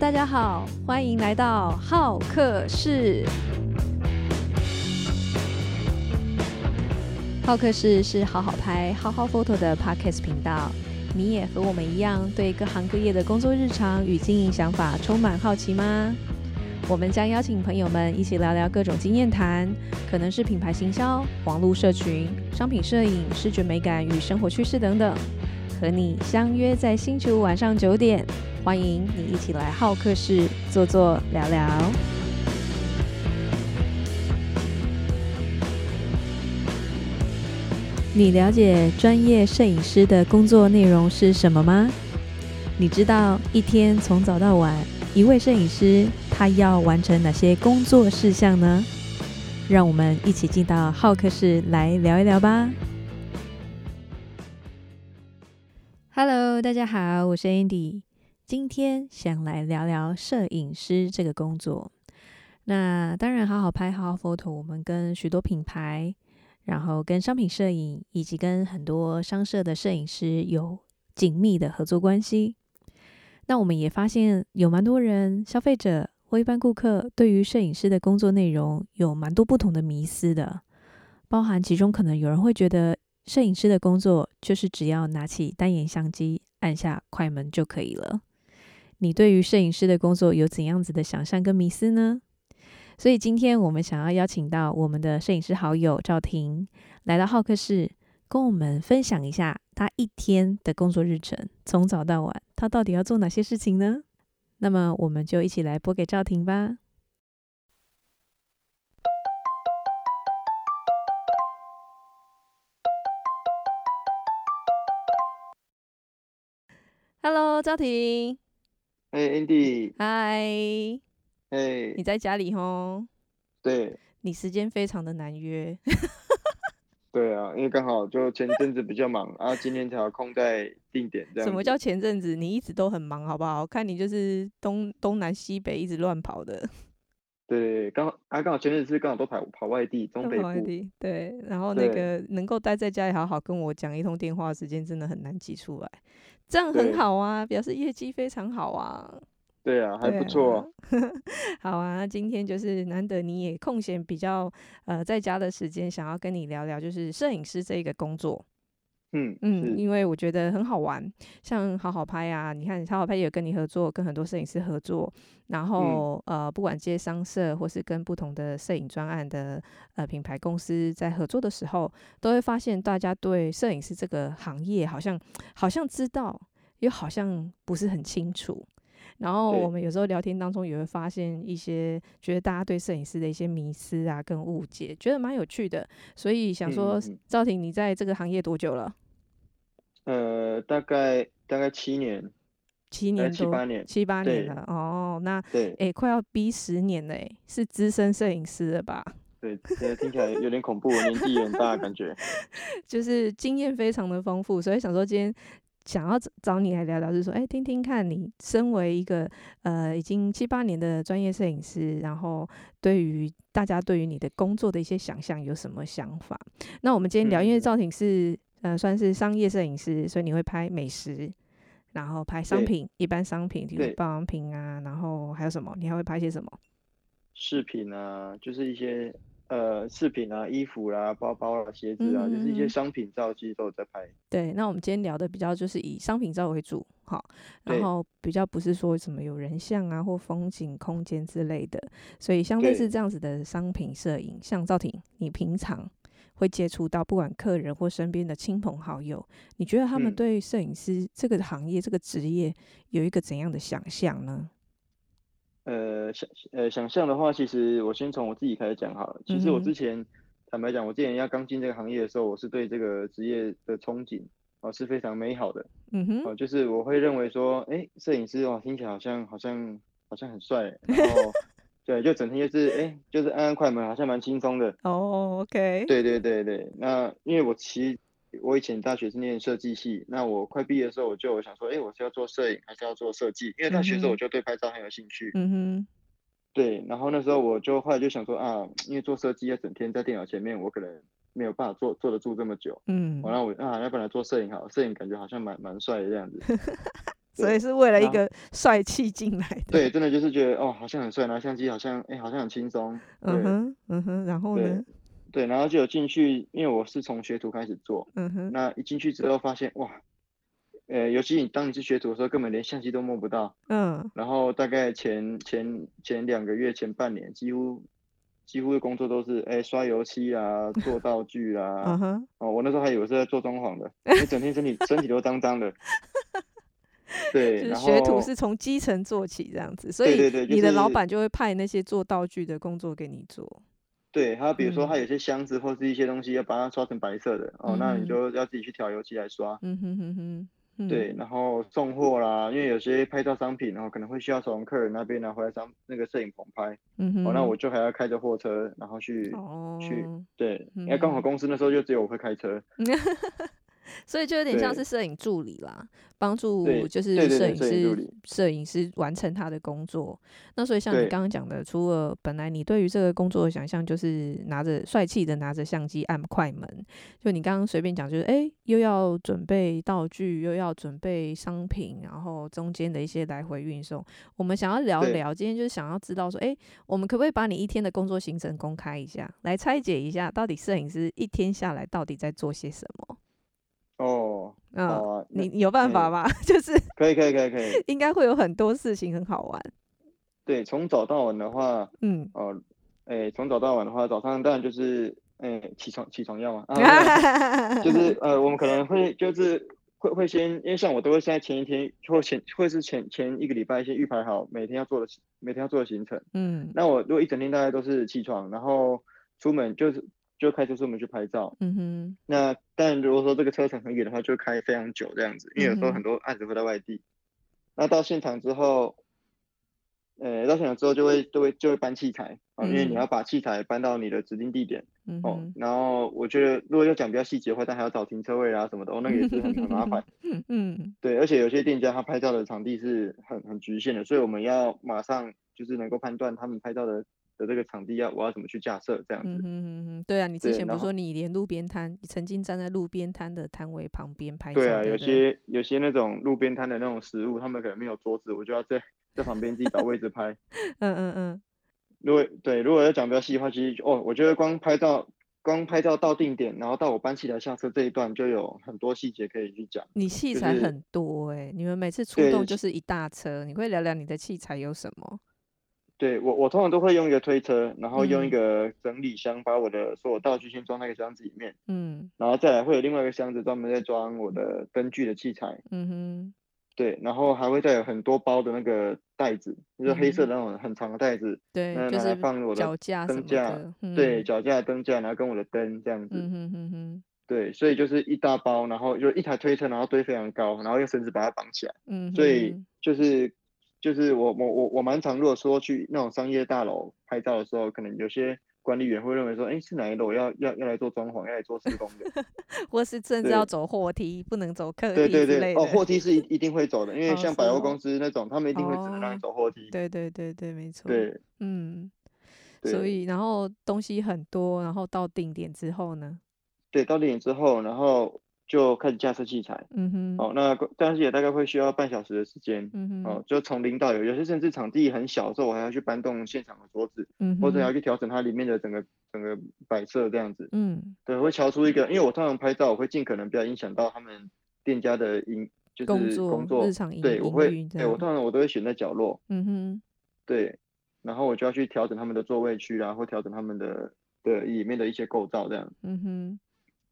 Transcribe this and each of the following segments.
大家好，歡迎來到浩客室。浩客室是好好拍、好好 Photo 的 Podcast 頻道。你也和我們一樣，對各行各業的工作日常與經營想法充滿好奇嗎？我們將邀請朋友們一起聊聊各種經驗談，可能是品牌行銷、網路社群、商品攝影、視覺美感與生活趨勢等等。和你相約在星期五晚上九點，歡迎你一起來好客室坐坐聊聊。你了解專業攝影師的工作內容是什麼嗎？你知道一天從早到晚，一位攝影師他要完成哪些工作事項呢？讓我們一起進到好客室來聊一聊吧。Hello，大家好，我是 Andy。今天想來聊聊攝影師這個工作。那當然，好好拍好好 photo，我們跟許多品牌，然後跟商品攝影，以及跟很多商攝的攝影師有緊密的合作關係。那我們也發現有蠻多人，消費者或一般顧客，對於攝影師的工作內容有蠻多不同的迷思的，包含其中可能有人會覺得，攝影師的工作就是只要拿起單眼相機，按下快門就可以了。你對於攝影師的工作有怎樣子的想象跟迷思呢？所以今天我們想要邀請到我們的攝影師好友趙婷來到浩克室，跟我們分享一下他一天的工作日程，從早到晚他到底要做哪些事情呢？那麼我們就一起來播給趙婷吧。Hello，趙婷。Hey, Andy。Hi。Hey，你在家裡吼？對。你時間非常的難約。 對啊，因為剛好就前陣子比較忙 啊，今天才有空在定點。什麼叫前陣子？你一直都很忙，好不好？我看你就是東東南西北一直亂跑的。對，剛好啊，剛好前陣子剛好都跑跑外地，東北跑外地。對，然後那個能夠待在家裡好好跟我講一通電話，時間真的很難擠出來。這樣很好啊，表示業績非常好啊。對啊，還不錯、啊啊。好啊，那、啊、今天就是難得你也空閒比較呃在家的時間，想要跟你聊聊，就是攝影師這個工作。嗯嗯，因為我覺得很好玩，像好好拍啊，你看好好拍也有跟你合作，跟很多攝影師合作，然後、嗯、呃，不管接商社或是跟不同的攝影專案的呃品牌公司在合作的時候，都會發現大家對攝影師這個行業好像好像知道，又好像不是很清楚。然後我們有時候聊天當中也會發現一些，覺得大家對攝影師的一些迷思啊跟誤解，覺得蠻有趣的，所以想說，趙婷，你在這個行業多久了？嗯、呃，大概大概七年，七年了，七八年，七八年了哦。那對，哎、欸，快要逼十年嘞，欸，是資深攝影師了吧？對，現在聽起來有點恐怖， 年紀也很大，感覺就是經驗非常的豐富，所以想說今天。想要找你來聊聊，就是說，哎、欸，聽聽看你身為一個呃已經七八年的專業攝影師，然後對於大家對於你的工作的一些想象有什麼想法？那我們今天聊，嗯、因為造型是呃算是商業攝影師，所以你會拍美食，然後拍商品，一般商品，比如化妝品啊，然後還有什麼？你還會拍些什麼？飾品啊，就是一些。呃，飾品啊，衣服啦、啊，包包啊、鞋子啊，嗯、就是一些商品照，其實都有在拍。對，那我們今天聊的比較就是以商品照為主，好，然後比較不是說什麼有人像啊或風景、空間之類的。所以像類似這樣子的商品攝影，像趙婷，你平常會接觸到不管客人或身邊的親朋好友，你覺得他們對於攝影師這個行業、這個職業有一個怎樣的想象呢？呃想，呃想象的話，其實我先從我自己開始講好了。其實我之前，mm -hmm. 坦白講，我之前要剛進這個行業的時候，我是對這個職業的憧憬我，呃、是非常美好的。嗯、mm、哼 -hmm. 呃，就是我會認為說，哎，欸，攝影師哦聽起來好像好像好像很帥，然後 對，就整天就是哎，欸，就是按按快門，好像蠻輕鬆的。哦，oh，，OK。對對對對，那因為我其實我以前大學是念設計系，那我快畢業的時候，我就想說，哎、欸，我是要做攝影還是要做設計？因為大學的時候我就對拍照很有興趣。嗯哼。對，然後那時候我就後來就想說啊，因為做設計要整天在電腦前面，我可能沒有辦法坐坐得住這麼久。嗯。完了我啊，要不然做攝影好，攝影感覺好像蠻蠻帥的樣子。 所以是為了一個帥氣進來。對，真的就是覺得哦，好像很帥，拿相機好像哎、欸，好像很輕鬆。嗯哼，嗯哼，然後呢？對，然後就有進去，因為我是從學徒開始做。嗯哼。那一進去之後，發現哇，呃，尤其你當你是學徒的時候，根本連相機都摸不到。嗯。然後大概前前前兩個月前半年，幾乎幾乎的工作都是哎、欸、刷油漆啊，做道具啊。嗯哼。哦，我那時候還以為是在做裝潢的，你 整天身體身體都髒髒的。 對，然後學徒是從基層做起這樣子，所以對對對，你的老闆就會派那些做道具的工作給你做。對，還有比如說，他有些箱子或是一些東西要把它刷成白色的，嗯、哦，那你就要自己去調油漆來刷。嗯哼哼哼。嗯、對，然後送貨啦，因為有些拍照商品，然、哦、後可能會需要從客人那邊拿回來上那個攝影棚拍，嗯。哦，那我就還要開着貨車，然後去、哦、去，對，嗯、因為剛好公司那時候就只有我會開車。 所以就有點像是攝影助理啦，幫助就是攝影師攝影師完成他的工作。那所以像你剛剛講的，除了本來你對於這個工作的想象就是拿着帥氣的拿着相機按快門，就你剛剛隨便講，就是欸，又要準備道具，又要準備商品，然後中間的一些來回運送。我們想要聊聊，今天就是想要知道說，欸，我們可不可以把你一天的工作行程公開一下，來拆解一下到底攝影師一天下來到底在做些什麼？哦、oh, 嗯、好、呃、啊，你有辦法嗎？欸、就是可以，可，可以，可以，可以，應該會有很多事情很好玩。對，從早到晚的話，嗯，哦、呃、哎、欸，從早到晚的話，早上當然就是，欸、起床，起床要嘛啊， 就是呃，我們可能會就是會會先，因為像我都會現在前一天或前或是前前一個禮拜先預排好每天要做的每天要做的行程，嗯，那我如果一整天大概都是起床，然後出門就是就開車出門去拍照，嗯哼，那。但如果說這個車程很遠的話，就開非常久這樣子，嗯，因為有時候很多案子會在外地。那到現場之後，呃，到現場之後就會就會，嗯、就會搬器材啊、哦嗯，因為你要把器材搬到你的指定地點哦、嗯。然後我覺得，如果要講比較細節的話，但還要找停車位啊什麼的，嗯、那個、也是很很麻煩。嗯。對，而且有些店家他拍照的場地是很很侷限的，所以我們要馬上就是能夠判斷他們拍照的。的這個場地，要我要怎麼去架設這樣子？嗯哼哼哼，對啊，你之前不是說你連路邊攤，曾經站在路邊攤的攤位旁邊拍照？對啊，有些對對對，有些那種路邊攤的那種食物，他們可能沒有桌子，我就要在在旁邊自己找位置拍。 嗯嗯嗯。如果對，如果要講比較細的話，其實哦、喔，我覺得光拍照，光拍照到定點，然後到我搬器材下車這一段，就有很多細節可以去講。你器材很多哎、欸就是，你們每次出動就是一大車，你可以聊聊你的器材有什麼？對我，我通常都會用一個推車，然後用一個整理箱把我的所有道具先裝那個箱子裡面，嗯，然後再來會有另外一個箱子專門在裝我的燈具的器材，嗯哼，對，然後還會再有很多包的那個袋子，嗯，就是黑色的那種很長的袋子，對，用來放我的燈架，就是腳架什麼的，嗯，對，腳架、燈架，然後跟我的燈這樣子，嗯嗯，對，所以就是一大包，然後就一台推車，然後堆非常高，然後用繩子把它綁起來，嗯，所以就是。就是我我我我蠻常，如果說去那種商業大樓拍照的時候，可能有些管理員會認為說，哎、欸，是哪一樓要要要來做裝潢，要來做施工的，或 是甚至要走貨梯，不能走客梯之類的，對對對。哦，貨梯是一一定會走的， 因為像百貨公司那種，他們一定會只能讓你走貨梯，哦。對對對對，沒錯。對，嗯，所以然後東西很多，然後到定點之後呢？對，到定點之後，然後。就開始架設器材，嗯哼，哦、喔，那但是也大概會需要半小時的時間，嗯哼，哦、喔，就從零到有，有些甚至場地很小的時候，我還要去搬動現場的桌子，嗯哼，或者還要去調整它裡面的整個整個擺設這樣子，嗯，對，會喬出一個，因為我通常拍照，我會盡可能不要影響到他們店家的營就是工作，工作對，我會對、欸，我通常我都會選在角落，嗯哼，對，然後我就要去調整他們的座位區，然後調整他們的的裡面的一些構造這樣子，嗯哼。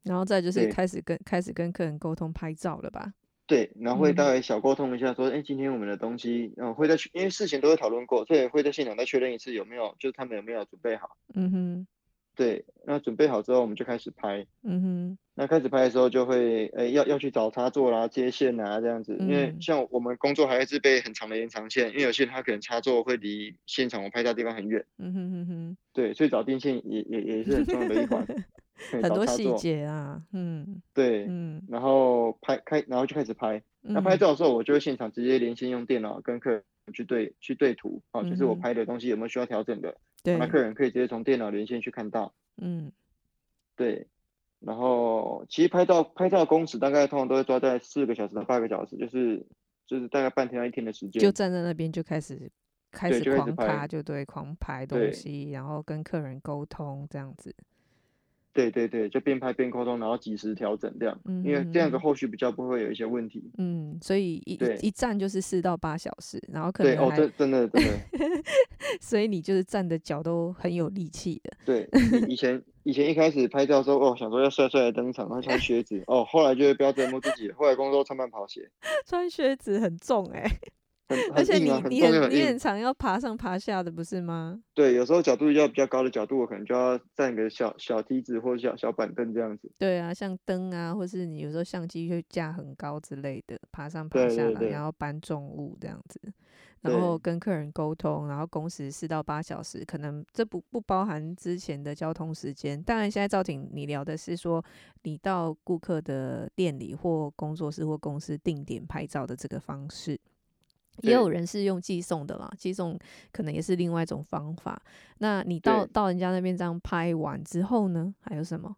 然後再就是開始跟開始跟客人溝通拍照了吧？對，然後會大概小溝通一下，說，哎、嗯欸，今天我們的東西，嗯會在去，因為事前都會討論過，所以會在現場再確認一次有沒有，就是他們有沒有準備好。嗯哼，對，那準備好之後，我們就開始拍。嗯哼，那開始拍的時候，就會，哎、欸，要要去找插座啦、接線啦、啊，這樣子，因為像我們工作還要自備很長的延長線，因為有些他可能插座會離現場我拍下的地方很遠。嗯哼嗯哼，對，所以找電線也也也是很重要的一環。 很多細節啊，嗯，對，嗯，然後拍開，然後就開始拍。那、嗯、拍照的時候，我就會現場直接連線用電腦跟客人去對去對圖，嗯，啊，就是我拍的東西有沒有需要調整的？對，那客人可以直接從電腦連線去看到，嗯，對。然後其實拍照拍照工時大概通常都會抓在四個小時到八個小時，就是就是大概半天到一天的時間。就站在那邊就開始開始狂開始拍，就對狂拍東西，然後跟客人溝通這樣子。對對對，就邊拍邊溝通，然後及時調整這樣、嗯嗯，因為這樣子後續比較不會有一些問題。嗯，所以一一站就是四到八小時，然後可能對哦，真真的、真的。真的 所以你就是站的腳都很有力氣的？對，以前以前一開始拍照的時候，哦想說要帥帥的登場，然後穿靴子 哦，後來就不要折磨自己，後來工作穿慢跑鞋。穿靴子很重哎、欸。而且你很、啊、你很，很你很常要爬上爬下的，不是嗎？對，有時候角度要比，比較高的角度，我可能就要站個小小梯子或小小板凳這樣子。對啊，像燈啊，或是你有時候相機會架很高之類的，爬上爬下來，然後搬重物這樣子，然後跟客人溝通，然後工時四到八小時，可能這不不包含之前的交通時間。當然，現在趙婷你聊的是說你到顧客的店裡或工作室或公，或公司定點拍照的這個方式。也有人是用寄送的啦，寄送可能也是另外一種方法。那你到到人家那邊這樣拍完之後呢還有什麼？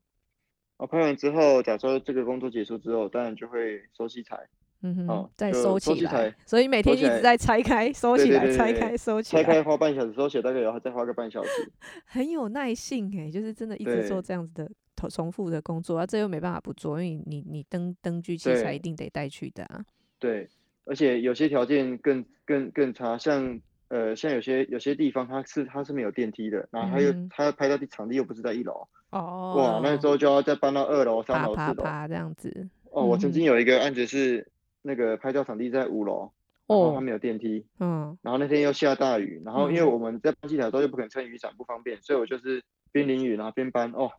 我、哦、拍完之後，假如說這個工作結束之後，當然就會收器材。嗯哼。再收器材。所以每天一直在拆開、收起來、拆開、收起來。拆開花半小時，收起來大概要再花個半小時。 很有耐性誒、欸，就是真的一直做這樣子的重重複的工作，啊，這又沒辦法不做，因為你你燈燈具器材一定得帶去的啊。對。對而且有些條件更更更差，像呃像有些有些地方它是它是沒有電梯的，然後它又它，嗯、拍照的場地又不是在一樓哦，哇，那時候就要再搬到二樓三樓四樓這樣子哦，嗯。我曾經有一個案子是那個拍照場地在五樓，哦，嗯。它沒有電梯，嗯、哦，然後那天又下大雨，嗯、然後因為我們在搬器材的時候又不肯撐雨傘，不方便，所以我就是邊淋雨然後邊搬哦。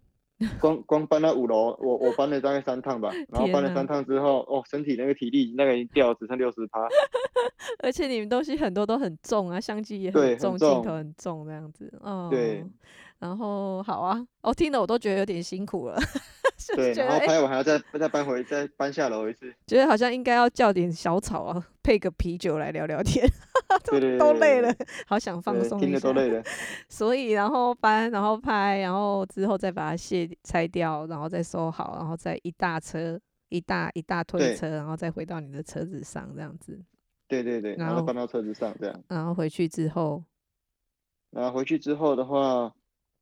光光搬到五樓，我我搬了大概三趟吧，然後搬了三趟之後，哦，身體那個體力那個已經掉了，只剩六十趴。 而且你們東西很多都很重啊，相機也很重，鏡頭很重這樣子。哦，對。然後好啊，我、哦、聽了我都覺得有點辛苦了。 對，然後拍完我還要再、欸、再搬回再搬下樓一次。覺得好像應該要叫點小草啊，配個啤酒來聊聊天。對 都累了，對對對對，好想放鬆一下，聽得都累了， 所以然後搬，然後拍，然後之後再把它卸拆掉，然後再收好，然後再一大車、一大一大推車，然後再回到你的車子上這樣子。對對對，然後，然後搬到車子上這樣。然後回去之後，然後回去之後的話，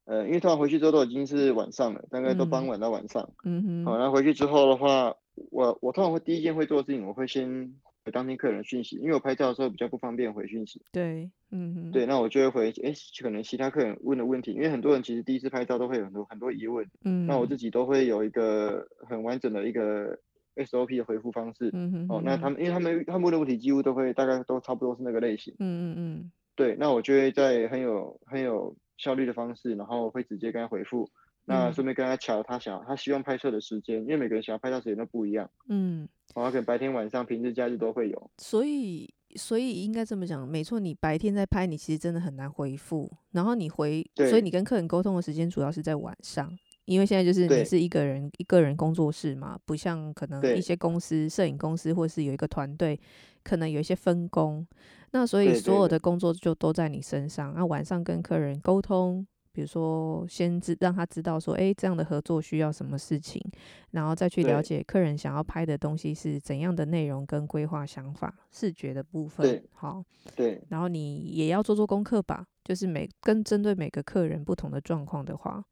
呃，因為通常回去之後都已經是晚上了，大概都傍晚到晚上。嗯哼。好，然後回去之後的話，我我通常會第一件會做事情，我會先。當天客人訊息，因為我拍照的時候比較不方便回訊息，對，對嗯，對，那我就會回，哎、欸，可能其他客人問的問題，因為很多人其實第一次拍照都會有很多很多疑問，嗯，那我自己都會有一個很完整的一個 SOP 的回復方式，嗯哼嗯哼，哦，那他們因為他們他們問的問題幾乎都會大概都差不多是那個類型，嗯嗯嗯，對，那我就會在很有很有效率的方式，然後會直接跟他回復。那順便跟他喬，他想他希望拍攝的時間，因為每個人想要拍照時間都不一樣。嗯，然後可能白天晚上、平日假日都會有。所以，所以應該這麼講，沒錯。你白天在拍，你其實真的很難回覆。然後你回，對，所以你跟客人溝通的時間主要是在晚上，因為現在就是你是一個人，一個人工作室嘛，不像可能一些公司、攝影公司，或是有一個團隊，可能有一些分工。那所以所有的工作就都在你身上。對對對。那晚上跟客人溝通。比如說，先知讓他知道說，誒、欸，這樣的合作需要什麼事情，然後再去了解客人想要拍的東西是怎樣的內容跟規劃想法，視覺的部分，好，對，然後你也要做做功課吧，就是每跟針對每個客人不同的狀況的話。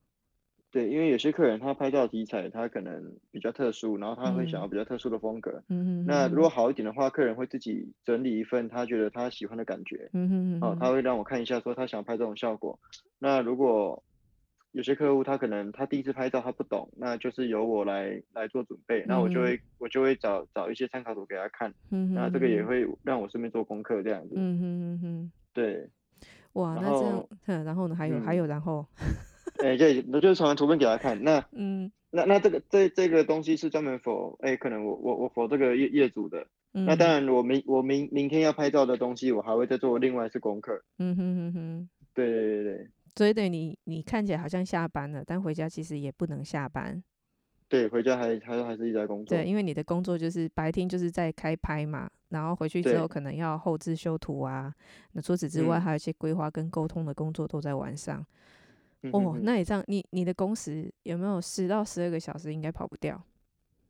對，因為有些客人他拍照題材他可能比較特殊，然後他會想要比較特殊的風格。嗯，嗯哼哼，那如果好一點的話，客人會自己整理一份他覺得他喜歡的感覺。嗯哼哼、哦、他會讓我看一下，說他想拍這種效果。那如果有些客戶他可能他第一次拍照他不懂，那就是由我來來做準備。嗯、那我就會我就會找找一些參考圖給他看。嗯哼哼，那這個也會讓我順便做功課這樣子。嗯嗯，嗯對。哇，那這樣，然後呢？還有、嗯、還有然後。哎、欸，就我就是傳圖片給他看。那，嗯，那那這個這這個東西是專門 for，哎，可能我我我 for 這個業業主的。嗯、那當然我，我明我明明天要拍照的東西，我還會再做另外一次功課。嗯哼哼哼，對對對對。所以對你你看起來好像下班了，但回家其實也不能下班。對，回家還還還是一直在工作。對，因為你的工作就是白天就是在開拍嘛，然後回去之後可能要後製修圖啊。那除此之外，嗯、還有一些規劃跟溝通的工作都在晚上。哦，那你這樣。你你的工時有沒有十到十二個小時？應該跑不掉。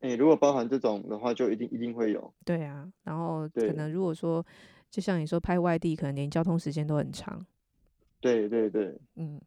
誒、欸，如果包含這種的話，就一定一定會有。對啊，然後可能如果說，就像你說拍外地，可能連交通時間都很長。對對對。嗯，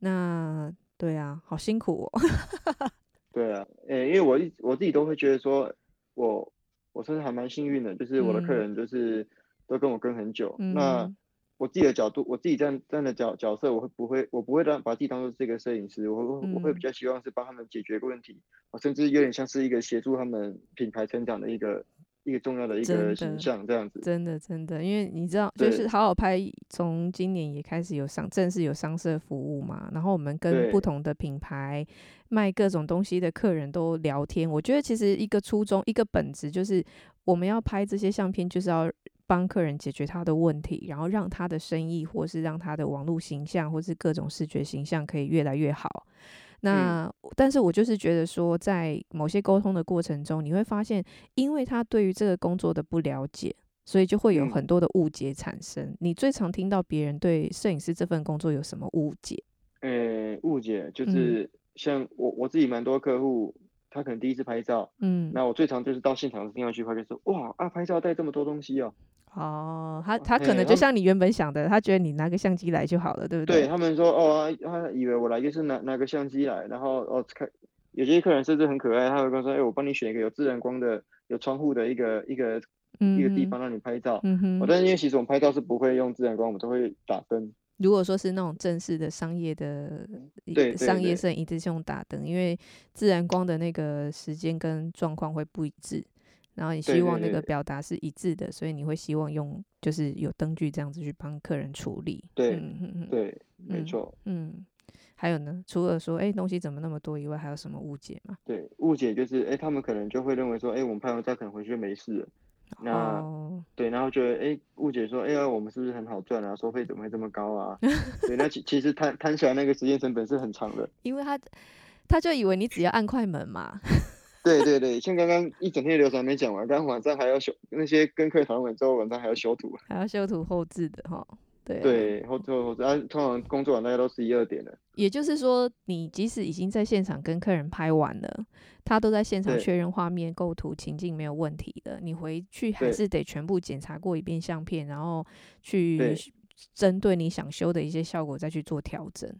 那對啊，好辛苦。哦。 對啊，誒、欸，因為我一我自己都會覺得說我，我我甚至還蠻幸運的，就是我的客人就是都跟我跟很久。嗯、那、嗯我自己的角度，我自己在這，這樣的角角色，我會不會我不會讓把自己當做是一個攝影師，我會我會比較希望是幫他們解決問題，我、嗯、甚至有點像是一個協助他們品牌成長的一個一個重要的一個形象這樣子。真的真的，因為你知道，嗯、就是好好拍，從今年也開始有商正式有商攝服務嘛，然後我們跟不同的品牌賣各種東西的客人都聊天，我覺得其實一個初衷一個本質就是我們要拍這些相片就是要。幫客人解決他的問題，然後讓他的生意，或是讓他的網絡形象，或是各種視覺形象可以越來越好。那、嗯、但是我就是覺得說，在某些溝通的過程中，你會發現，因為他對於這個工作的不了解，所以就會有很多的誤解產生。嗯、你最常聽到別人對攝影師這份工作有什麼誤解？誒，誤解就是、嗯、像我我自己蠻多客戶，他可能第一次拍照，嗯，那我最常就是到現場的時候去拍，就說哇啊，拍照帶這麼多東西啊、哦。哦，他他可能就像你原本想的，嗯、他，他覺得你拿個相機來就好了，對不對？對他們說，哦，他，他以為我來就是拿拿個相機來，然後哦看，有些客人甚至很可愛，他會說，哎、欸，我幫你選一個有自然光的、有窗戶的一個一個一個地方讓你拍照。嗯哼，嗯哼、哦。但是因為其實我們拍照是不會用自然光，我們都會打燈。如果說是那種正式的商業的，嗯、對，商業攝影一定是用打燈，因為自然光的那個時間跟狀況會不一致。然後你希望那個表達是一致的對對對對。所以你會希望用就是有燈具這樣子去幫客人處理。對，嗯、對,呵呵對，沒錯、嗯。嗯，還有呢？除了說哎、欸、東西怎麼那麼多以外，還有什麼誤解嗎？對，誤解就是哎、欸、他們可能就會認為說哎、欸、我們拍完照可能回去就沒事了，那、oh. 對，然後覺得哎誤解說哎呀、欸啊、我們是不是很好賺啊？收費怎麼會這麼高啊？ 對，那其其實談起來那個時間成本是很長的。因為他他就以為你只要按快門嘛。 對對對，像剛剛一整天的流程還沒講完，剛剛晚上還要修那些跟客人談完之後，晚上還要修圖，還要修圖後置的哈、哦。對、啊、對，然後,後,後、啊、通常工作完大家都是一二點了。也就是說，你即使已經在現場跟客人拍完了，他都在現場確認畫面構圖、情境沒有問題的，你回去還是得全部檢查過一遍相片，然後去針對你想修的一些效果再去做調整。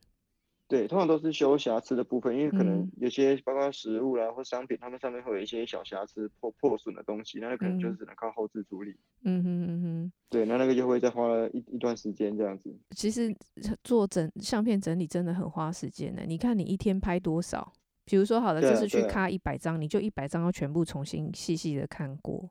對，通常都是修瑕疵的部分，因為可能有些、嗯、包括食物啦、啊、或商品，他們上面會有一些小瑕疵破、破破損的東西，那可能就只能靠後置處理。嗯哼嗯哼。對，那那個就會再花了一一段時間這樣子。其實做整相片整理真的很花時間呢。你看你一天拍多少？比如說，好了，這是去咔一百張，你就一百張要全部重新細細的看過。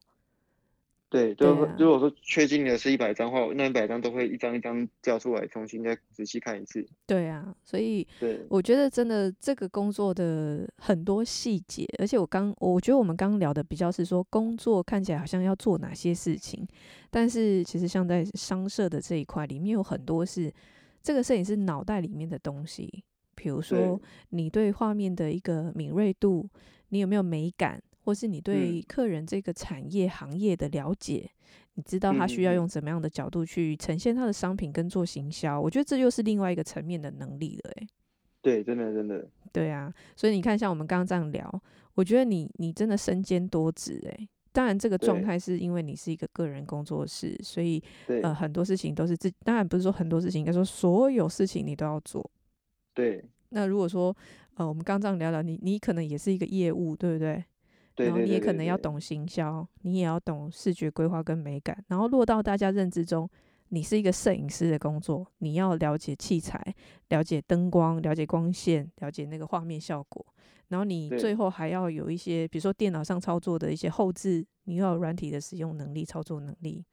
對，就是對啊、如果說確定的是一百張話，那一百張都會一張一張調出來，重新再仔細看一次。對啊，所以對，我覺得真的這個工作的很多細節，而且我剛，我覺得我們剛聊的比較是說工作看起來好像要做哪些事情，但是其實像在商攝的這一塊裡面有很多是這個攝影師腦袋裡面的東西，比如說你對畫面的一個敏銳度，你有沒有美感？或是你對客人這個產業行業的了解，嗯，你知道他需要用怎麼樣的角度去呈現他的商品跟做行銷，嗯，我覺得這就是另外一個層面的能力了、欸，誒，對，真的真的，對啊，所以你看，像我們剛剛這樣聊，我覺得你你真的身兼多職，誒，當然這個狀態是因為你是一個個人工作室，所以呃很多事情都是自，當然不是說很多事情，應該說所有事情你都要做，對。那如果說呃我們剛剛這樣聊聊，你你可能也是一個業務，對不對？然後你也可能要懂行銷，你也要懂視覺規劃跟美感。然後落到大家認知中，你是一個攝影師的工作，你要了解器材，了解燈光，了解光線，了解那個畫面效果。然後你最後還要有一些，比如說電腦上操作的一些後製，你要有軟體的使用能力、操作能力。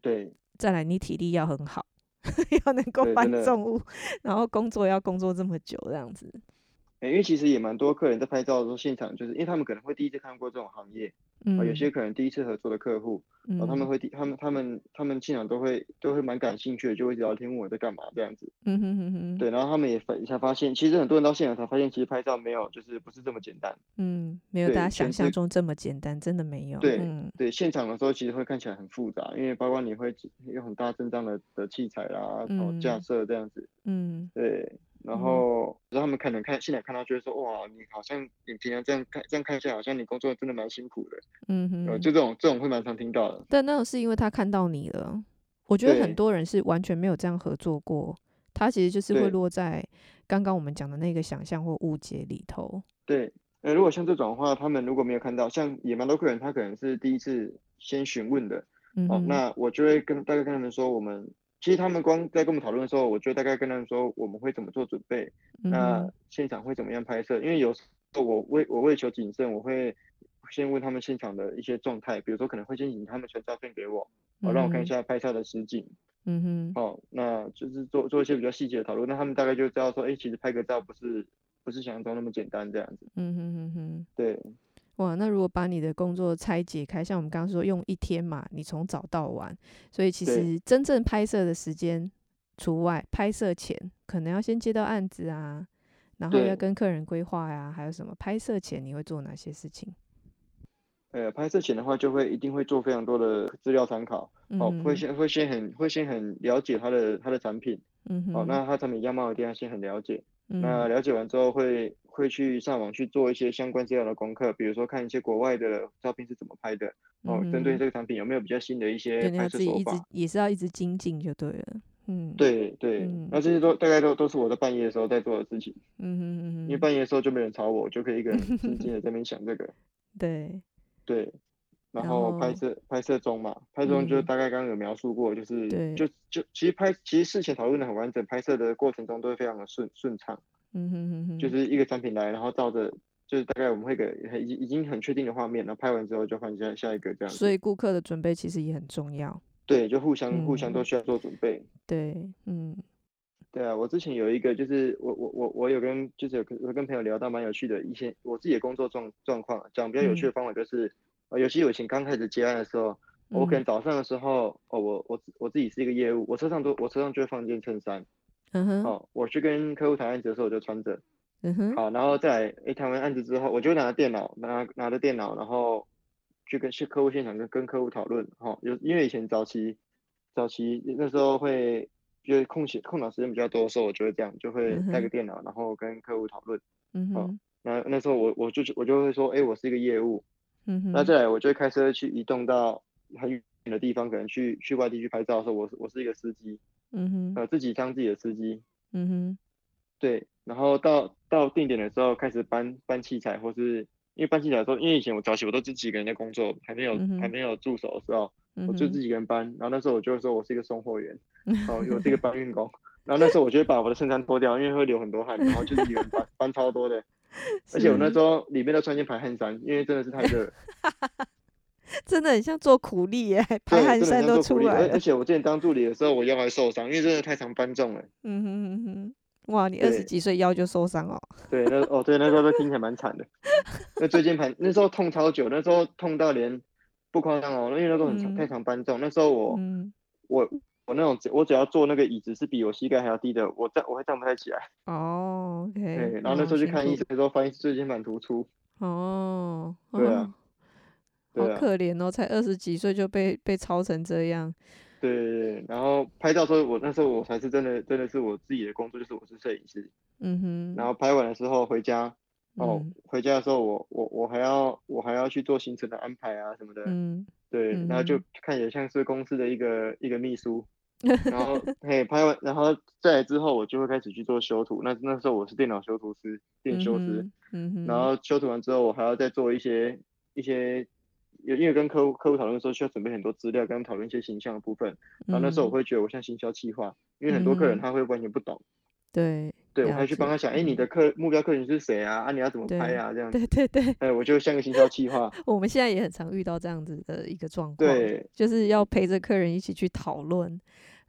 對。再來，你體力要很好， 要能夠搬重物，然後工作要工作這麼久這樣子。欸、因為其實也蠻多客人在拍照的時候，現場就是因為他們可能會第一次看過這種行業，啊、嗯，有些可能第一次合作的客戶、嗯，然後他們會第他們他們他們，他們現場都會都會蠻感興趣的，就會聊天問我在幹嘛這樣子。嗯哼、哼、哼。對，然後他們也發才發現，其實很多人到現場才發現，其實拍照沒有就是不是這麼簡單。嗯，沒有大家想象中這麼簡單，真的沒有、嗯。對，對，現場的時候其實會看起來很複雜，因為包括你會有很大陣仗的的器材啦，嗯、然後架設這樣子。嗯。對。嗯可能看現在看到就會說，覺得說哇，你好像你平常這樣看這樣看起來，好像你工作真的蠻辛苦的，嗯哼，嗯，就這種這種會蠻常聽到的。但那種是因為他看到你了，我覺得很多人是完全沒有這樣合作過，他其實就是會落在剛剛我們講的那個想象或誤解裡頭。對，那如果像這種的話，他們如果沒有看到，像也蠻多客人，他可能是第一次先詢問的，嗯、哦，那我就會跟大概跟他們說我們。其實他們光在跟我們討論的時候，我就大概跟他們說我們會怎麼做準備，那現場會怎麼樣拍攝，嗯。因為有時候我為我為求謹慎，我會先問他們現場的一些狀態，比如說可能會先請他們傳照片給我，嗯、好讓我看一下拍攝的實景。嗯哼，好，那就是做做一些比較細節的討論。那他們大概就知道說，哎、欸，其實拍個照不是不是想象中那麼簡單這樣子。嗯哼哼哼，對。哇，那如果把你的工作拆解開，像我們剛剛說用一天嘛，你從早到晚，所以其實真正拍攝的時間除外，拍攝前可能要先接到案子啊，然後要跟客人規劃呀，還有什麼？拍攝前你會做哪些事情？呃，拍攝前的話，就會一定會做非常多的資料參考。嗯，哦，會先會先很會先很了解他的他的產品，嗯好，哦，那他產品樣貌一定要先很了解。嗯，那了解完之後會。會去上網去做一些相關資料的功課，比如說看一些國外的照片是怎麼拍的，哦，針對這個產品有沒有比較新的一些拍攝手法、嗯，也是要一直精進就對了，嗯，對對，那、嗯、這些都大概都都是我在半夜的時候在做的事情，嗯哼嗯哼，因為半夜的時候就沒人吵我，就可以一個人靜靜的在那邊想這個， 對對，然後拍攝拍攝中嘛，拍攝中就大概剛剛有描述過，嗯、就是就就其實拍其實事前討論得很完整，拍攝的過程中都會非常的順順暢。嗯哼哼哼，就是一個產品來，然後照着就是大概我們會給已已經很確定的畫面，然後拍完之後就換下下一個這樣。所以顧客的準備其實也很重要。對，就互相、嗯、互相都需要做準備。對，嗯，對啊，我之前有一個就是我我我我有跟就是有跟朋友聊到蠻有趣的一些我自己的工作狀狀況，講比較有趣的方法就是啊，尤其我以前剛開始接案的時候、嗯哦，我可能早上的時候哦，我我我自己是一個業務，我車上都我車上就會放一件襯衫。嗯哼，哦，我去跟客戶談案子的時候，我就穿着，嗯哼，好，然後再來，哎，談完案子之後，我就拿着電腦，拿拿着電腦，然後去跟去客戶現場跟跟客戶討論，哈、哦，有因為以前早期早期那時候會，就是空閒空檔時間比較多的時候，我就會這樣，就會帶個電腦，然後跟客戶討論，嗯哼，哦，那那時候我我就是我就會說，哎，我是一個業務，嗯哼，那再來，我就會開車去移動到很遠的地方，可能去去外地去拍照的時候，我是我是一個司機。嗯哼，呃，自己當自己的司機，嗯哼，對，然後到到定點的時候開始搬搬器材，或是因為搬器材的時候，因為以前我早起我都自己一個人在工作，還沒有、嗯、還沒有助手的時候，嗯、我就自己一個人搬，然後那時候我就說我是一個送貨員、嗯，然後我是一個搬運工， 然後那時候我就會把我的襯衫脫掉，因為會流很多汗，然後就是一個人搬 搬超多的，而且我那時候裡面都穿件排汗衫，因為真的是太熱了。 真的很像做苦力耶、欸，排汗衫都出來了。而且我之前當助理的時候，我腰還受傷，因為真的太常搬重了、欸。嗯哼哼，哇，你二十幾歲腰就受傷哦。對，那 哦對，那時候都聽起來蠻慘的。 那椎間盤那時候痛超久，那時候痛到連不誇張哦，因為那時候很常、嗯、太常搬重。那時候我、嗯、我我那種我只要坐那個椅子是比我膝蓋還要低的，我站我會站不太起來。哦，okay, 對。然後那時候去看醫生，那時候發現是椎間盤突出。哦，對啊。可憐哦，才二十幾歲就被被操成這樣。對，然後拍照時候，我那時候我才是真的，真的是我自己的工作，就是我是攝影師。嗯哼。然後拍完的時候回家，哦，回家的時候我、嗯、我我還要我還要去做行程的安排啊什麼的。嗯。對，然後就看起來像是公司的一個一個秘書。嗯、然後 嘿拍完，然後再來之後，我就會開始去做修圖。那那時候我是電腦修圖師，電修師。嗯哼。然後修圖完之後，我還要再做一些一些。有，因為跟客戶客戶討論的時候需要準備很多資料，跟他們討論一些形象的部分。然後那時候我會覺得我像行銷企劃，因為很多客人他會完全不懂、嗯。對，對我還去幫他想，哎、欸，你的客目標客人是誰啊？啊，你要怎麼拍呀、啊？這樣。對對對。哎、欸，我就像個行銷企劃。 我們現在也很常遇到這樣子的一個狀況，就是要陪着客人一起去討論。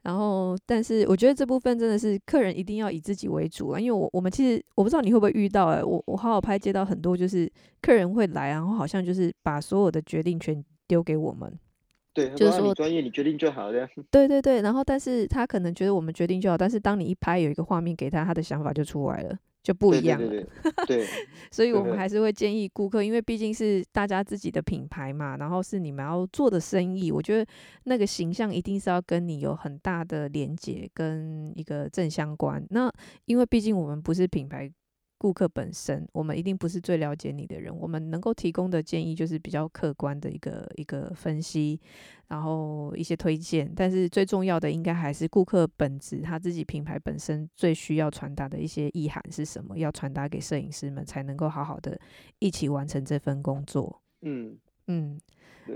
然後，但是我覺得這部分真的是客人一定要以自己為主啊，因為我我們其實我不知道你會不會遇到哎、欸，我我好好拍接到很多就是客人會來，然後好像就是把所有的決定權丟給我們，對，就是說你專業你決定就好了，對對對，然後但是他可能覺得我們決定就好，但是當你一拍有一個畫面給他，他的想法就出來了。就不一樣，所以我們還是會建議顧客，對對對，因為畢竟是大家自己的品牌嘛，然後是你們要做的生意，我覺得那個形象一定是要跟你有很大的連接跟一個正相關。那因為畢竟我們不是品牌。顧客本身，我們一定不是最了解你的人。我們能夠提供的建議就是比較客觀的一個一個分析，然後一些推薦。但是最重要的應該還是顧客本質，他自己品牌本身最需要傳達的一些意涵是什麼，要傳達給攝影師們才能夠好好的一起完成這份工作。嗯嗯，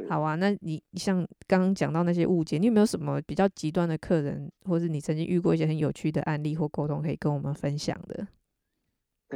好啊。那你像剛剛講到那些誤解，你有沒有什麼比較極端的客人，或是你曾經遇過一些很有趣的案例或溝通，可以跟我們分享的？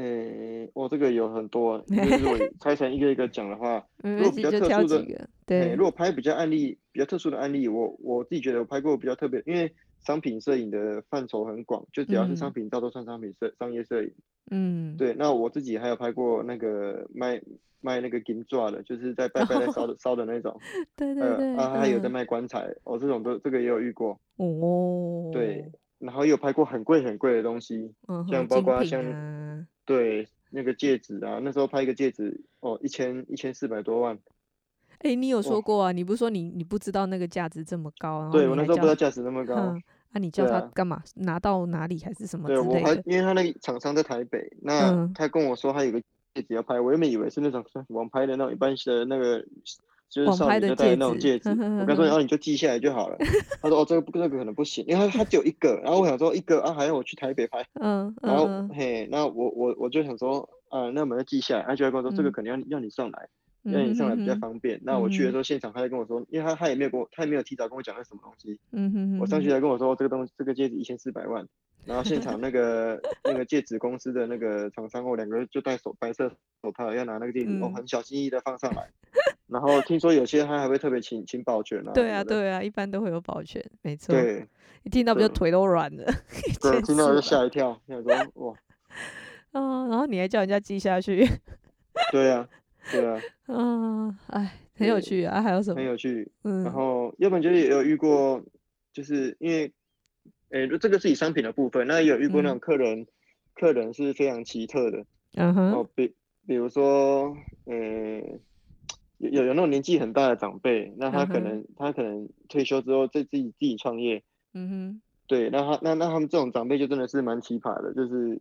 誒、欸，我、哦、這個有很多，就是我拆成一個一個講的話， 如果比較特殊的， 嗯、對、欸，如果拍比較案例、比較特殊的案例，我我自己覺得我拍過比較特別，因為商品攝影的範疇很廣，就只要是商品照、嗯、都算商品攝商業攝影。嗯，對，那我自己還有拍過那個賣賣那個金鑽的，就是在拜拜在燒的燒、oh, 的那種，對對對，對，呃啊、還有在賣棺材，嗯、哦這種都這個也有遇過哦，oh. 對，然後有拍過很貴很貴的東西，oh. 像包括像。對，那個戒指啊，那時候拍一個戒指，哦，一千一千四百多萬。哎、欸，你有說過啊？你不是說你你不知道那個價值這麼高？對，我那時候不知道價值那麼高。嗯、啊，你叫他幹嘛、啊？拿到哪裡還是什麼之類的？對，我還，因為他那個廠商在台北，那他跟我說他有個戒指要拍，我原本以為是那種像網拍的那種一般的那個。就是上面就戴的那種戒指，的戒指，我跟他說、嗯哼哼，然後你就記下來就好了。他說哦，這個不，這個可能不行，因為他他只有一個。然後我想說一個啊，還要我去台北拍。嗯。然後、嗯、嘿，那我我我就想說，啊，那我們要記下來。他就要跟我說，嗯、這個可能要你要你上來、嗯哼哼，要你上來比較方便。嗯、那我去的時候，現場他就跟我說，因為他他也沒有我，他也沒有提早跟我講是什麼東西。嗯哼、哼。我上去才跟我說，哦、這個東西這個戒指一千四百萬、嗯哼哼。然後現場那個 那個戒指公司的那個廠商，跟我兩個人就戴手白色手套，要拿那個戒指，我、嗯哦、很小心翼翼的放上來。嗯哼哼 然後聽說有些他還會特別請請保全呢、啊、對啊對,對啊，一般都會有保全，沒錯。對，一聽到不就腿都軟了，對，聽 到就嚇一跳，那 種哇，嗯、哦，然後你還叫人家記下去，對啊對啊，嗯， 哎，很有趣啊，還有什麼？很有趣，嗯，然後要不然就是也有遇過，就是因為，哎，這個是以商品的部分，那也有遇過那種客人、嗯，客人是非常奇特的，嗯哼，哦，比比如說，嗯、呃。有有有那種年紀很大的長輩，那他可能、嗯、他可能退休之後再自己自己創業，嗯哼，對，那他那那他們這種長輩就真的是蠻奇葩的，就是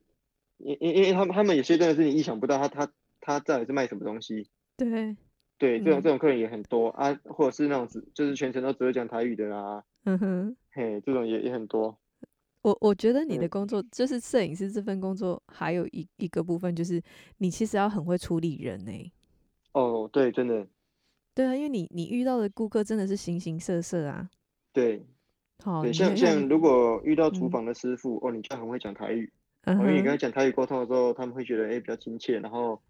因因因為他們他們有些真的是你意想不到他，他他他到底是賣什麼東西，對對，這種、嗯、這種客人也很多啊，或者是那種，就是全程都只會講台語的啦、啊，嗯哼，嘿，這種也也很多。我我覺得你的工作、嗯、就是攝影師這份工作，還有一一個部分就是你其實要很會處理人誒、欸。哦、oh,，對，真的。對啊，因為你你遇到的顧客真的是形形色色啊。對。好、oh,，你、okay. 像像如果遇到廚房的師傅，嗯、哦，你就很會講台語。嗯、uh -huh. 哦。因為你跟他講台語溝通的時候，他們會覺得哎、欸、比較親切，然後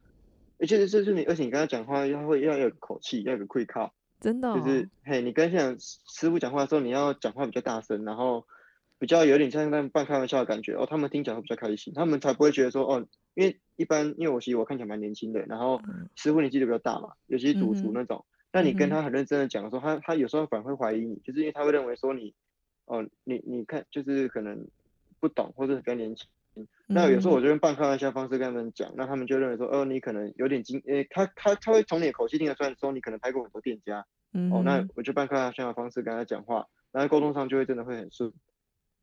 而且是是是你而且你跟他講話要會要有口氣，要有會靠。真的、哦。就是嘿，你跟像師傅講話的時候，你要講話比較大聲，然後。比較有點像那種半開玩笑的感覺哦，他們聽起來會比較開心，他們才不會覺得說哦，因為一般因為我其實我看起來蠻年輕的，然後師傅年紀比較大嘛，尤其主廚那種，那、mm -hmm. 你跟他很認真的講說，他他有時候反而會懷疑你，就是因為他會認為說你哦，你你看就是可能不懂或者比較年輕，mm -hmm. 那有時候我就用半開玩笑的方式跟他們講，那他們就認為說哦，你可能有點經，呃、欸，他他他會從你的口氣聽得出來說，說你可能拍過很多店家，mm -hmm. 哦，那我就半開玩笑的方式跟他講話，然後溝通上就會真的會很舒服。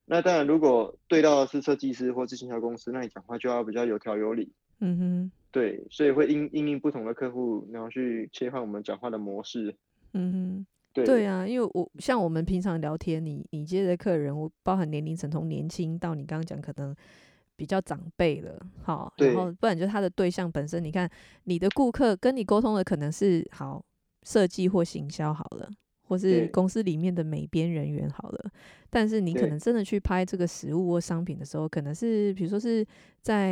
那當然，如果對到的是設計師或是行銷公司，那你講話就要比較有條有理。嗯哼，對，所以會因應因應不同的客戶，然後去切換我們講話的模式。嗯哼，對對啊，因為我像我們平常聊天，你你接的客人，我包含年齡層從年輕到你剛剛講可能比較長輩了，好，然後不然就他的對象本身，你看你的顧客跟你溝通的可能是好設計或行銷好了。或是公司裡面的美編人員好了，但是你可能真的去拍這個食物或商品的時候，可能是比如說是在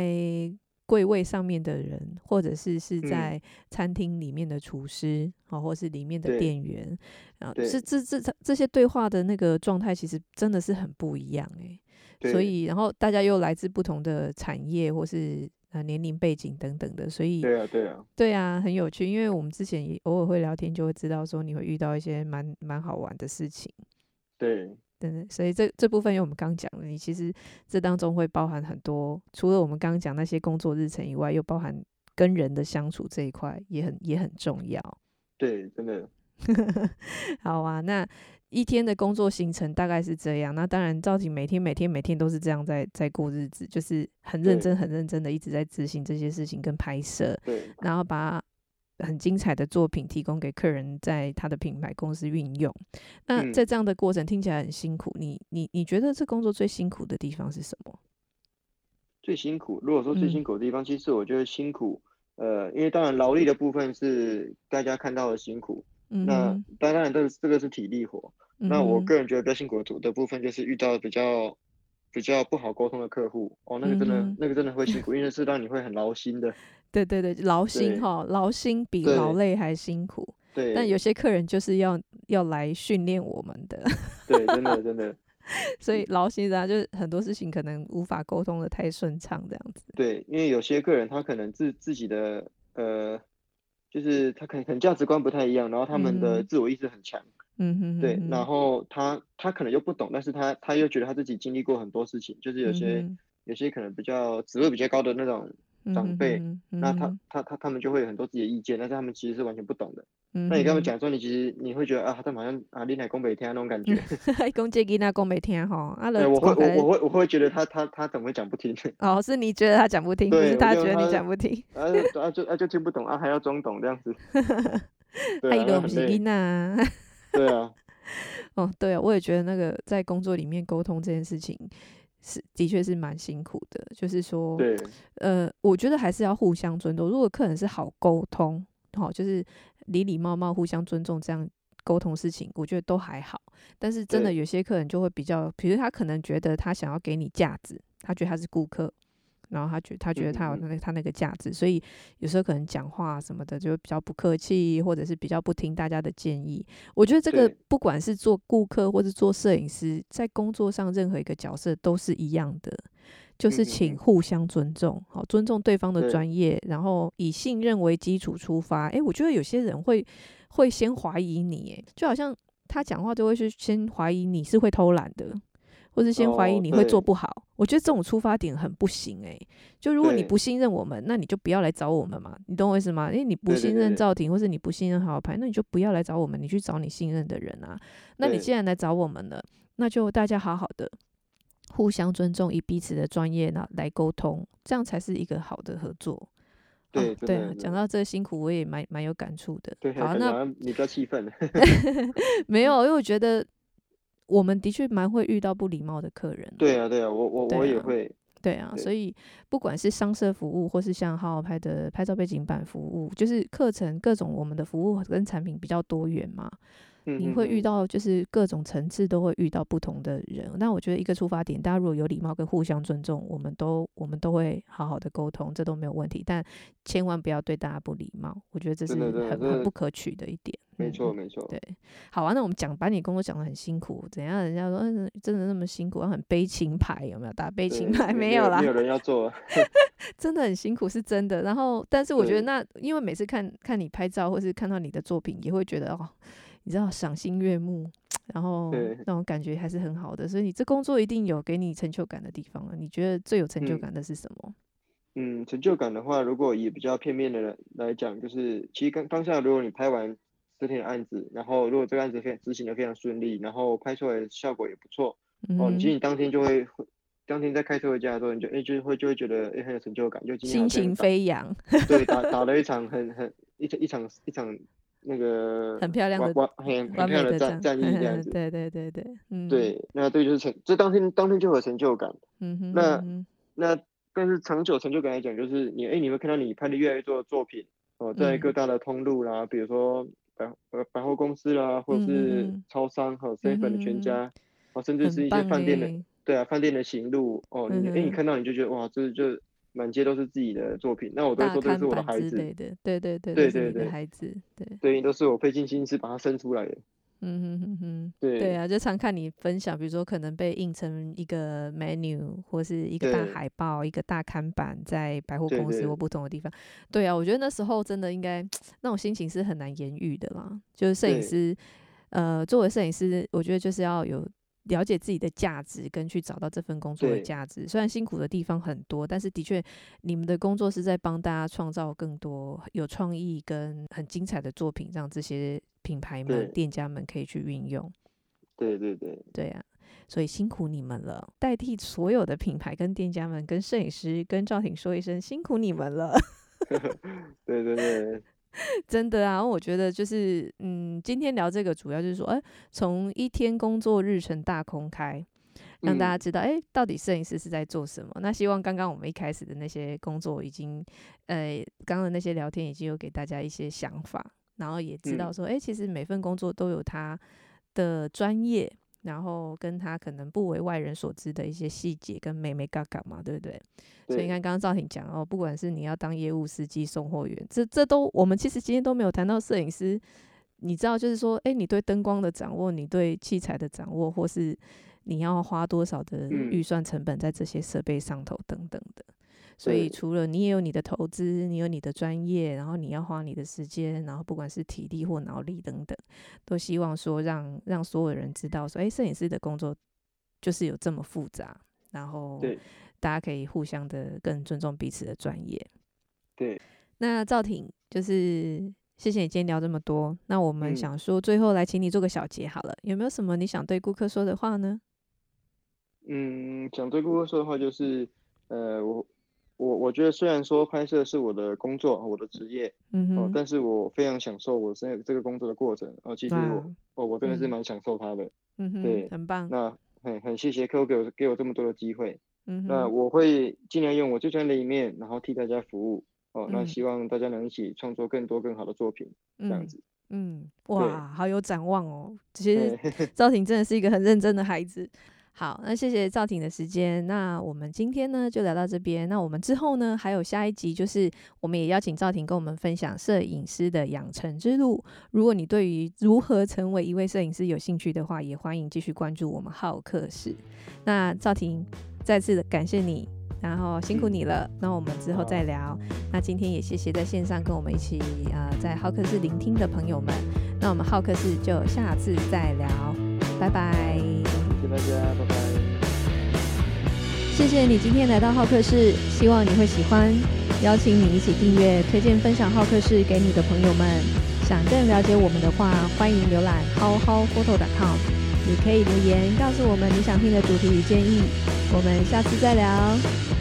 櫃位上面的人，或者是是在餐廳裡面的廚師啊、嗯哦，或是裡面的店員啊，然後是這這這些對話的那個狀態，其實真的是很不一樣誒、欸。所以，然後大家又來自不同的產業，或是。啊，年齡背景等等的，所以對啊，對啊，對啊，很有趣，因為我們之前也偶爾會聊天，就會知道說你會遇到一些蠻蠻好玩的事情，對，對，所以這這部分，因為我們剛講了，你其實這當中會包含很多，除了我們剛講那些工作日程以外，又包含跟人的相處這一塊，也很也很重要，對，真的， 好啊，那。一天的工作行程大概是這樣，那當然趙景每天每天每天都是這樣在在過日子，就是很認真很認真的一直在執行這些事情跟拍攝，對，然後把很精彩的作品提供給客人在他的品牌公司運用。那在這樣的過程、嗯、聽起來很辛苦，你你你覺得這工作最辛苦的地方是什麼？最辛苦，如果說最辛苦的地方，嗯、其實我覺得辛苦，呃，因為當然勞力的部分是大家看到的辛苦。嗯、那當然，這這個是體力活。那我個人覺得，比較辛苦的部分就是遇到比較比較不好溝通的客戶哦，那個真的、嗯、那個真的會辛苦，嗯、因為是讓你會很勞心的。對對對，勞心哈，勞心比勞累還辛苦對。對。但有些客人就是要要來訓練我們的。對，真的真的。 所以勞心啊，就是很多事情可能無法溝通得太順暢，這樣子。對，因為有些客人他可能自自己的呃。就是他可能可能價值觀不太一樣，然後他們的自我意識很強，嗯哼，對，然後他他可能又不懂，但是他他又覺得他自己經歷過很多事情，就是有些、嗯、有些可能比較職位比較高的那種。長輩、嗯嗯，那他他他他，他們就會有很多自己的意見，但是他們其實是完全不懂的。嗯、那你跟他們講說，你其實你會覺得啊，他們好像啊，麗海宮北天那種感覺。宮崎駿那宮北天哈，啊，欸、我會、嗯、我會，我會，我，會我會覺得他他他怎麼會講不聽？哦，是你覺得他講不聽，不是他覺得你講不聽？啊就啊就啊聽不懂 啊，還要裝懂這樣子。哈 哈 對、啊 啊、 對啊。哦對啊，我也覺得那個在工作裡面溝通這件事情。是，的確是蠻辛苦的，就是說，呃，我覺得還是要互相尊重。如果客人是好溝通，好、哦，就是禮禮貌貌，互相尊重這樣溝通事情，我覺得都還好。但是真的有些客人就會比較，比如他可能覺得他想要給你價值，他覺得他是顧客。然後他覺他覺得他有那他那個價值，嗯、嗯，所以有時候可能講話什麼的就比較不客氣，或者是比較不聽大家的建議。我覺得這個不管是做顧客或是做攝影師，在工作上任何一個角色都是一樣的，就是請互相尊重，嗯、嗯、好，尊重對方的專業，然後以信任為基礎出發。誒，我覺得有些人會會先懷疑你，就好像他講話都會去先懷疑你是會偷懶的。或者先懷疑你會做不好、oh,，我覺得這種出發點很不行誒、欸，就如果你不信任我們，那你就不要來找我們嘛，你懂我意思嗎？因為你不信任趙婷，或者你不信任好好拍，那你就不要來找我們，你去找你信任的人啊。那你既然來找我們了，那就大家好好的互相尊重，以彼此的專業呢來溝通，這樣才是一個好的合作。對、啊、對，講到這辛苦，我也蠻蠻有感觸的。好，那你比較氣憤， 沒有、嗯，因為我覺得。我們的確蠻會遇到不禮貌的客人啊。對啊，對啊，我我我也會。對啊對，所以不管是商攝服務，或是像好好拍的拍照背景板服務，就是課程各種，我們的服務跟產品比較多元嘛。嗯、你會遇到就是各種層次，都會遇到不同的人、嗯。那我覺得一個出發點，大家如果有禮貌跟互相尊重，我們都我們都會好好的溝通，這都沒有問題。但千萬不要對大家不禮貌，我覺得這是很很、很不可取的一點。沒錯、嗯，沒錯。對，好啊，那我們講把你的工作講得很辛苦，怎樣？人家說，嗯、欸，真的那麼辛苦，要、啊、很悲情牌有沒有？打悲情牌沒有啦。沒有人要做。 真的很辛苦，是真的。然後，但是我覺得那，因為每次看看你拍照，或是看到你的作品，也會覺得哦，你知道，賞心悅目，然後對那種感覺還是很好的。所以你這工作一定有給你成就感的地方了。你覺得最有成就感的是什麼？嗯，成就感的話，如果以比較片面的來講，就是其實剛當下，如果你拍完。這天的案子，然後如果這個案子非執行的非常順利，然後拍出來的效果也不錯，嗯、哦，你其實當天就會，當天在開車回家的時候，你就哎就會就會覺得哎、欸、很有成就感，就心情飛揚， 對打打了一場很很一,一場一場一場那個很漂亮的、很漂亮的戰戰役這樣子， 對對對對，嗯、對，那對就是成，這當天當天就有成就感，嗯哼，嗯哼，那那但是長久成就感來講，就是你哎、欸、你會看到你拍的越來越多的作品，哦，在各大的通路啦，嗯、比如說。百貨公司啦，或者是超商和7-11的全家，哦、嗯嗯啊，甚至是一些飯店的、欸，對啊，飯店的行路哦，你一、嗯欸、看到你就覺得哇，就是滿街都是自己的作品，那我都說這是我的孩子，對對對對對孩子，對對，都是，對對都是我費盡心思把它生出來的。嗯哼嗯哼哼，對啊，就常看你分享，比如說可能被印成一個 menu 或是一個大海報、一個大看板，在百貨公司或不同的地方對對。對啊，我覺得那時候真的應該，那種心情是很難言喻的啦。就是攝影師，呃，作為攝影師，我覺得就是要有。了解自己的價值，跟去找到這份工作的價值。雖然辛苦的地方很多，但是的確，你們的工作是在幫大家創造更多有創意跟很精彩的作品，讓這些品牌們、店家們可以去運用。對對對，對啊，所以辛苦你們了！代替所有的品牌跟店家們，跟攝影師跟趙婷說一聲，辛苦你們了。 對，對對對。 真的啊，我覺得就是，嗯，今天聊這個主要就是說，哎、呃，從一天工作日程大公開，讓大家知道，哎、欸，到底攝影師是在做什麼。那希望剛剛我們一開始的那些工作已經，呃，剛剛的那些聊天已經有給大家一些想法，然後也知道說，哎、嗯、欸，其實每份工作都有他的專業。然後跟他可能不為外人所知的一些細節跟眉眉角角嘛，對不對？對，所以你看，剛剛趙婷講哦，不管是你要當業務司機、送貨員，這這都我們其實今天都沒有談到攝影師。你知道，就是說，哎，你對燈光的掌握，你對器材的掌握，或是你要花多少的預算成本在這些設備上頭等等的。所以除了你也有你的投資，你有你的專業，然後你要花你的時間，然後不管是體力或腦力等等，都希望說讓讓所有人知道說，哎，攝影師的工作就是有這麼複雜，然後大家可以互相的更尊重彼此的專業。對，那趙婷就是謝謝你今天聊這麼多，那我們想說最後來請你做個小結好了，有沒有什麼你想對顧客說的話呢？嗯，想對顧客說的話就是，呃，我。我我覺得雖然說拍攝是我的工作，我的職業，嗯哼、呃，但是我非常享受我現在這個工作的過程，哦、呃，其實我哦、嗯呃，我真的是蠻享受它的，嗯哼，對，很棒。那很很謝謝客戶給我給我這麼多的機會，嗯，那我會盡量用我最喜歡的一面，然後替大家服務，哦、呃，那、嗯呃、希望大家能一起創作更多更好的作品，嗯、這樣子。嗯，嗯哇，好有展望哦，其實趙型真的是一個很認真的孩子。欸 好，那謝謝趙婷的時間。那我們今天呢就聊到這邊。那我們之後呢還有下一集，就是我們也邀請趙婷跟我們分享攝影師的養成之路。如果你對於如何成為一位攝影師有興趣的話，也歡迎繼續關注我們好客室。那趙婷再次的感謝你，然後辛苦你了。那我們之後再聊。那今天也謝謝在線上跟我們一起啊、呃、在好客室聆聽的朋友們。那我們好客室就下次再聊，拜拜。謝謝，拜拜。謝謝你今天來到浩客室，希望你會喜歡。邀請你一起訂閱、推薦、分享浩客室給你的朋友們。想更了解我們的話，歡迎瀏覽 howhowphoto.com。你可以留言告訴我們你想聽的主題與建議。我們下次再聊。